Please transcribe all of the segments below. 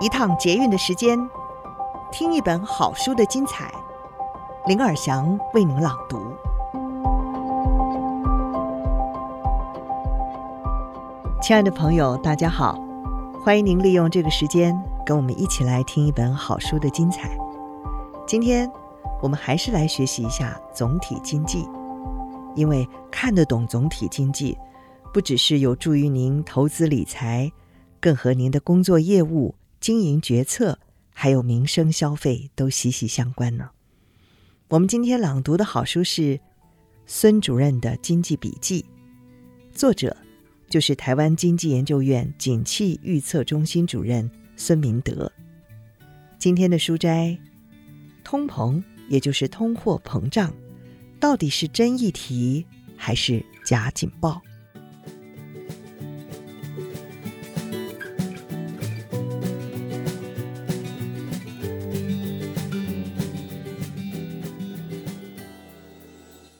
一趟捷運的時間，聽一本好書的精彩。林爾祥為您朗讀。親愛的朋友，大家好！歡迎您利用這個時間跟我們一起來聽一本好書的精彩。今天我們還是來學習一下總體經濟，因為看得懂總體經濟，不只是有助於您投資理財，更和您的工作業務。經營決策還有民生消費都息息相關呢。我們今天朗讀的好書是孫主任的《經濟筆記》，作者就是臺灣經濟研究院景氣預測中心主任孫明德。今天的書摘，通膨也就是通貨膨脹，到底是真議題還是假警報？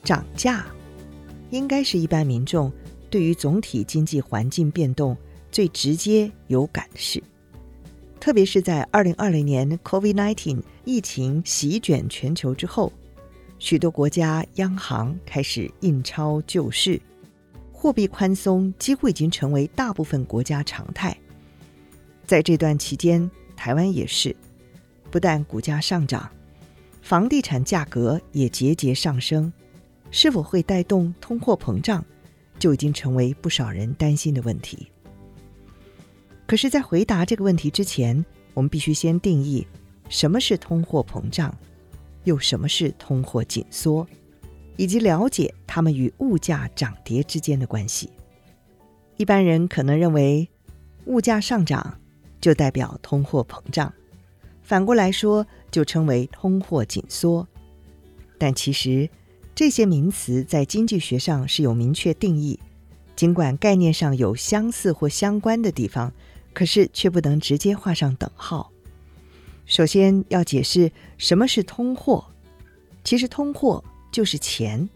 漲價應該是一般民眾對於總體經濟環境變動最直接有感的事，特別是在二零二零年 COVID-19 疫情席捲全球之後，許多國家央行開始印鈔救市，貨幣寬鬆幾乎已經成為大部分國家常態。在這段期間，台灣也是，不但股價上漲，房地產價格也節節上升。是否會帶動通貨膨脹，就已經成為不少人擔心的問題。可是，在回答這個問題之前，我們必須先定義什麼是通貨膨脹，又什麼是通貨緊縮，以及了解它們與物價漲跌之間的關係。一般人可能認為，物價上漲就代表通貨膨脹，反過來說就稱為通貨緊縮，但其實，這些名詞在經濟學上是有明確定義，儘管概念上有相似或相關的地方，可是卻不能直接畫上等號。首先要解釋什麼是通貨，其實通貨就是錢，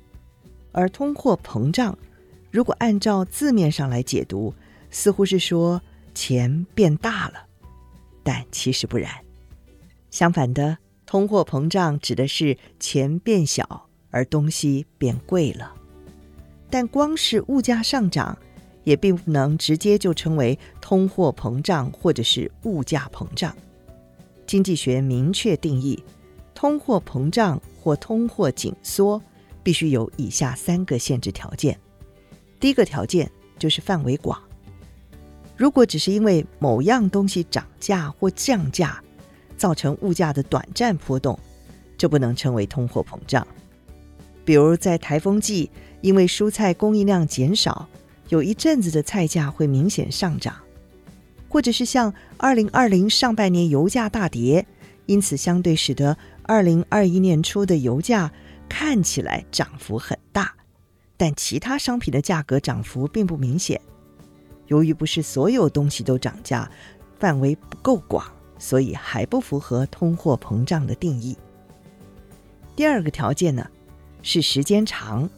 而通貨膨脹，如果按照字面上來解讀，似乎是說錢變大了，但其實不然。相反的，通貨膨脹指的是錢變小。而東西變貴了，但光是物價上漲，也並不能直接就稱為通貨膨脹或者是物價膨脹。經濟學明確定義，通貨膨脹或通貨緊縮必須有以下三個限制條件。第一個條件就是範圍廣，如果只是因為某樣東西漲價或降價，造成物價的短暫波動，就不能稱為通貨膨脹。比如在台風季，因為蔬菜供應量減少，有一陣子的菜價會明顯上漲；或者是像二零二零上半年油價大跌，因此相對使得二零二一年初的油價看起來漲幅很大，但其他商品的價格漲幅並不明顯。由於不是所有東西都漲價，範圍不夠廣，所以還不符合通貨膨脹的定義。第二個條件呢？是時間長，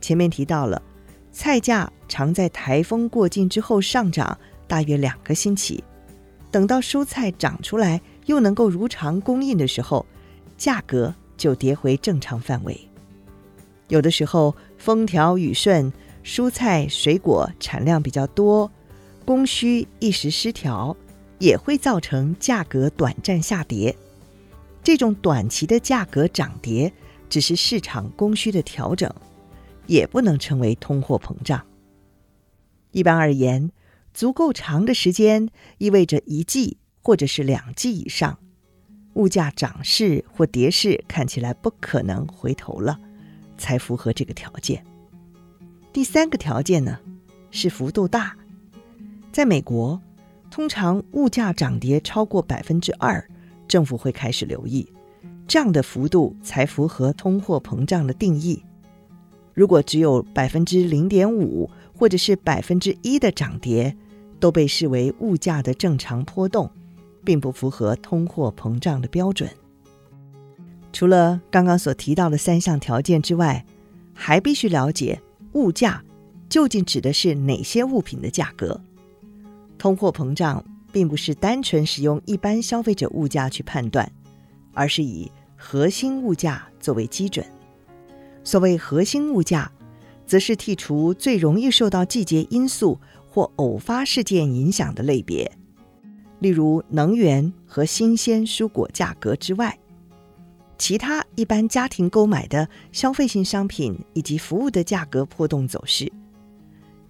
前面提到了，菜價常在台風過境之後上漲，大約兩個星期，等到蔬菜長出來又能夠如常供應的時候，價格就跌回正常範圍。有的時候風調雨順，蔬菜水果產量比較多，供需一時失調，也會造成價格短暫下跌。這種短期的價格漲跌，只是市場供需的調整，也不能稱為通貨膨脹。一般而言，足夠長的時間意味着一季或者是兩季以上，物價漲勢或跌勢看起來不可能回頭了，才符合這個條件。第三個條件呢，是幅度大。在美國，通常物價漲跌超過百分之二，政府會開始留意。這樣的幅度才符合通貨膨脹的定義。如果只有百分之零點五或者是百分之一的漲跌，都被視為物價的正常波動，並不符合通貨膨脹的標準。除了剛剛所提到的三項條件之外，還必須了解物價究竟指的是哪些物品的價格。通貨膨脹並不是單純使用一般消費者物價去判斷，而是以，核心物價作為基準，所謂核心物價，則是剔除最容易受到季節因素或偶發事件影響的類別，例如能源和新鮮蔬果價格之外，其他一般家庭購買的消費性商品以及服務的價格波動走勢。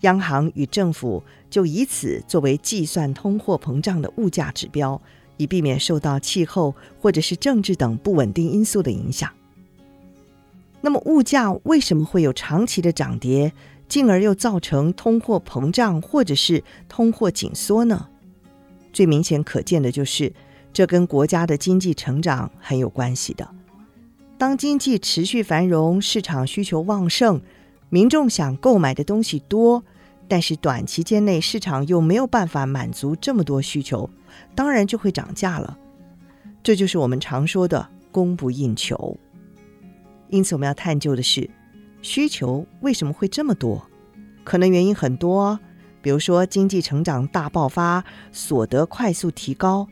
央行與政府就以此作為計算通貨膨脹的物價指標，以避免受到氣候或者是政治等不穩定因素的影響。那麼，物價為什麼會有長期的漲跌，進而又造成通貨膨脹或者是通貨緊縮呢？最明顯可見的就是，這跟國家的經濟成長很有關係的。當經濟持續繁榮，市場需求旺盛，民眾想購買的東西多。但是，短期間內市場又沒有辦法滿足這麼多需求，當然就會漲價了。這就是我們常說的供不應求。因此，我們要探究的是需求為什麼會這麼多？可能原因很多，比如說經濟成長大爆發，所得快速提高，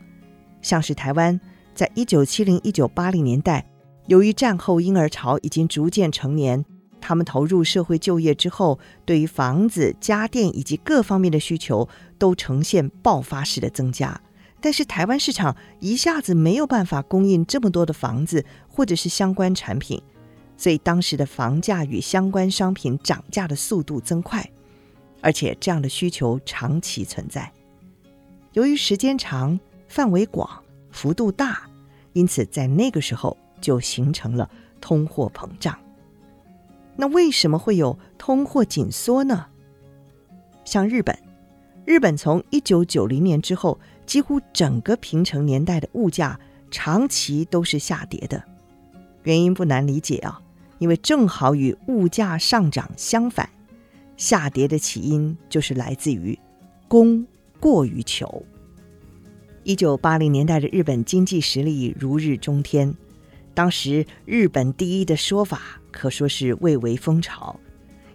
像是台灣在1970-1980年代，由於戰後嬰兒潮已經逐漸成年。他們投入社會就業之後，對於房子、家電以及各方面的需求都呈現爆發式的增加，但是台灣市場一下子沒有辦法供應這麼多的房子或者是相關產品，所以當時的房價與相關商品漲價的速度增快，而且這樣的需求長期存在，由於時間長、範圍廣、幅度大，因此在那個時候就形成了通貨膨脹。那為什麼會有通貨緊縮呢？像日本，日本從一九九零年之後，幾乎整個平成年代的物價長期都是下跌的。原因不難理解啊，因為正好與物價上漲相反，下跌的起因就是來自於供過於求。一九八零年代的日本經濟實力如日中天，當時日本第一的說法，可說是蔚為風潮，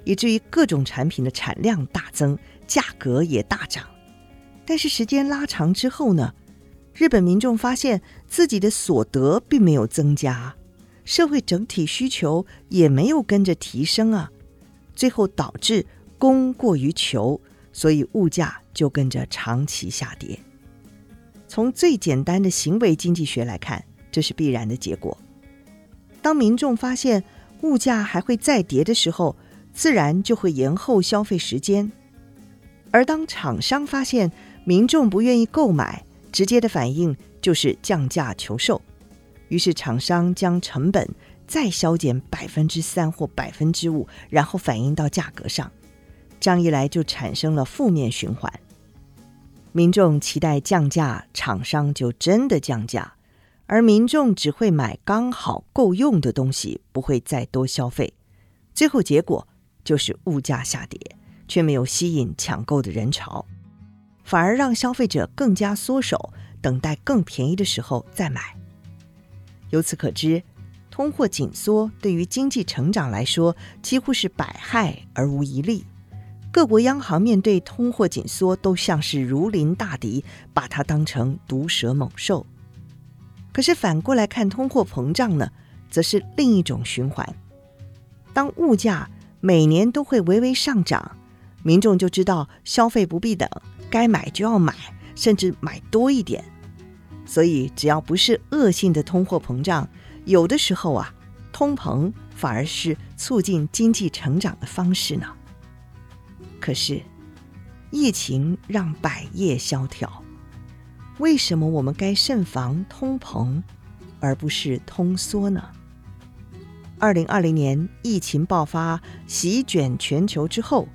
以至於各種產品的產量大增，價格也大漲。但是時間拉長之後呢，日本民眾發現自己的所得並沒有增加，社會整體需求也沒有跟着提升啊，最後導致供過於求，所以物價就跟着長期下跌。從最簡單的行為經濟學來看，這是必然的結果。當民眾發現，物價還會再跌的時候，自然就會延後消費時間。而當廠商發現民眾不願意購買，直接的反應就是降價求售。於是廠商將成本再削減百分之三或百分之五，然後反映到價格上。這樣一來就產生了負面循環，民眾期待降價，廠商就真的降價。而民眾只會買剛好夠用的東西，不會再多消費，最後結果就是物價下跌，卻沒有吸引搶購的人潮，反而讓消費者更加縮手，等待更便宜的時候再買。由此可知，通貨緊縮對於經濟成長來說幾乎是百害而無一利。各國央行面對通貨緊縮都像是如臨大敵，把它當成毒蛇猛獸。可是反過來看，通貨膨脹呢，則是另一種循環。當物價每年都會微微上漲，民眾就知道消費不必等，該買就要買，甚至買多一點。所以，只要不是惡性的通貨膨脹，有的時候啊，通膨反而是促進經濟成長的方式呢。可是，疫情讓百業蕭條。為什麼我們該慎防通膨，而不是通縮呢？二零二零年疫情爆發席捲全球之後，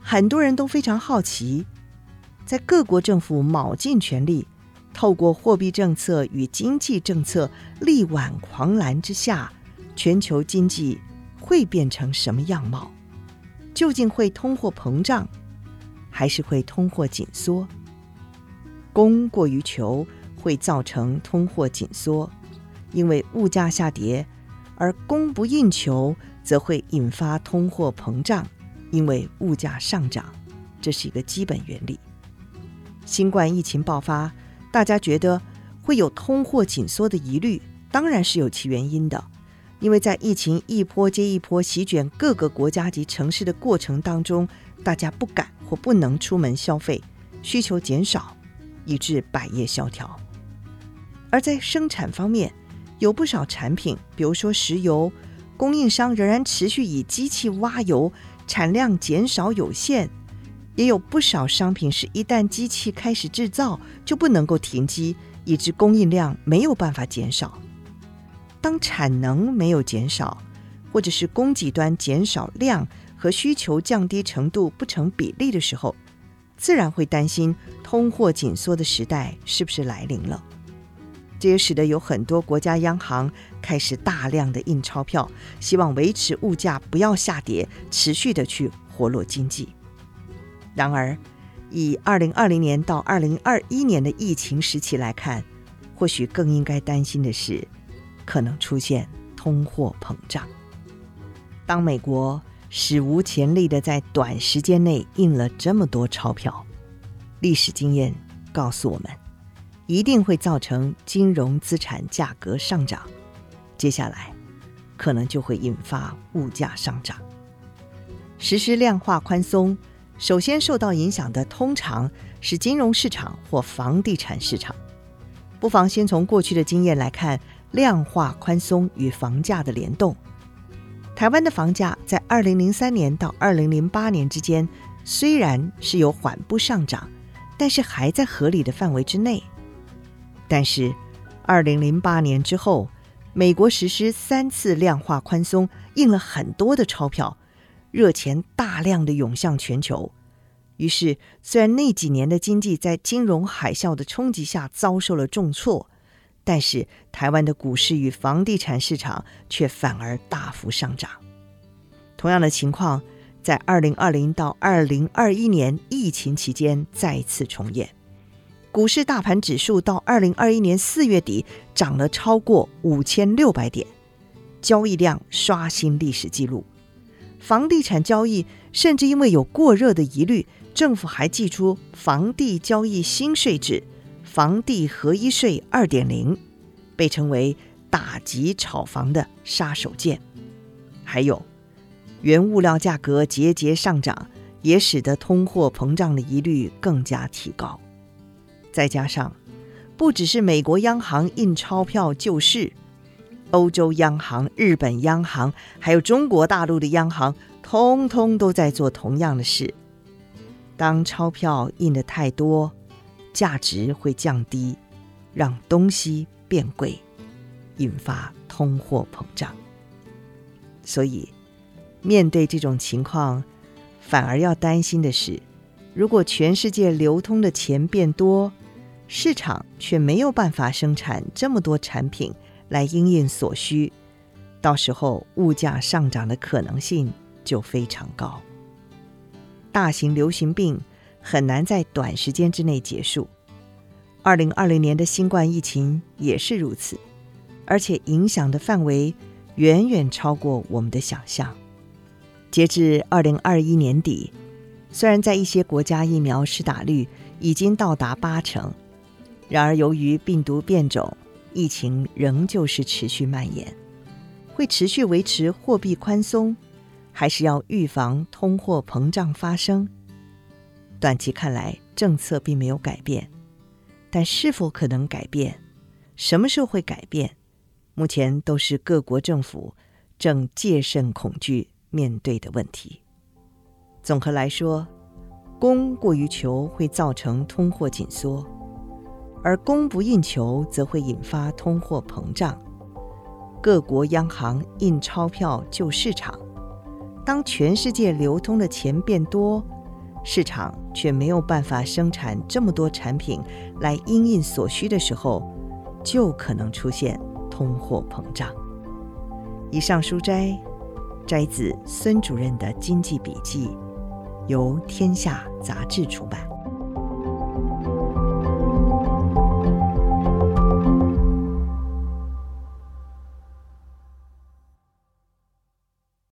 很多人都非常好奇，在各國政府卯盡全力，透過貨幣政策與經濟政策力挽狂瀾之下，全球經濟會變成什麼樣貌？究竟會通貨膨脹，還是會通貨緊縮？供過於求會造成通貨緊縮，因為物價下跌；而供不應求則會引發通貨膨脹，因為物價上漲。這是一個基本原理。新冠疫情爆發，大家覺得會有通貨緊縮的疑慮，當然是有其原因的，因為在疫情一波接一波席捲各個國家及城市的過程當中，大家不敢或不能出門消費，需求減少。以致百業蕭條，而在生產方面，有不少產品，比如說石油，供應商仍然持續以機器挖油，產量減少有限；也有不少商品是一旦機器開始制造，就不能夠停機，以致供應量沒有辦法減少。當產能沒有減少，或者是供給端減少量和需求降低程度不成比例的時候，自然會擔心通貨緊縮的時代是不是來臨了？這也使得有很多國家央行開始大量的印鈔票，希望維持物價不要下跌，持續的去活絡經濟。然而，以二零二零年到二零二一年的疫情時期來看，或許更應該擔心的是可能出現通貨膨脹。當美國史無前例的在短時間內印了這麼多鈔票，歷史經驗告訴我們，一定會造成金融資產價格上漲，接下來可能就會引發物價上漲。實施量化寬鬆，首先受到影響的通常是金融市場或房地產市場。不妨先從過去的經驗來看，量化寬鬆與房價的聯動。台灣的房價在二零零三年到二零零八年之間，雖然是有緩步上漲，但是還在合理的範圍之內。但是，二零零八年之後，美國實施三次量化寬鬆，印了很多的鈔票，熱錢大量的湧向全球。於是，雖然那幾年的經濟在金融海嘯的衝擊下遭受了重挫。但是台灣的股市與房地產市場卻反而大幅上漲。同樣的情況在2020到2021年疫情期間再次重演。股市大盤指數到2021年4月底漲了超過5600點，交易量刷新歷史紀錄。房地產交易甚至因為有過熱的疑慮，政府還祭出房地交易新稅制。房地合一稅二點零，被稱為打擊炒房的殺手鐧。還有，原物料價格節節上漲，也使得通貨膨脹的疑慮更加提高。再加上，不只是美國央行印鈔票救市，歐洲央行、日本央行，還有中國大陸的央行，通通都在做同樣的事。當鈔票印得太多。價值會降低，讓東西變貴，引發通貨膨脹。所以，面對這種情況，反而要擔心的是，如果全世界流通的錢變多，市場卻沒有辦法生產這麼多產品來因應所需，到時候物價上漲的可能性就非常高。大型流行病。很難在短時間之內結束。二零二零年的新冠疫情也是如此，而且影響的範圍遠遠超過我們的想象。截至二零二一年底，雖然在一些國家疫苗施打率已經到達八成，然而由於病毒變種，疫情仍舊是持續蔓延。會持續維持貨幣寬鬆，還是要預防通貨膨脹發生？短期看來，政策並沒有改變，但是否可能改變，什麼時候會改變，目前都是各國政府正戒慎恐懼面對的問題。總和來說，供過於求會造成通貨緊縮，而供不應求則會引發通貨膨脹。各國央行印鈔票救市場，當全世界流通的錢變多。市場卻沒有辦法生產這麼多產品來因應所需的時候，就可能出現通貨膨脹。以上書摘摘自孫主任的經濟筆記，由天下雜誌出版。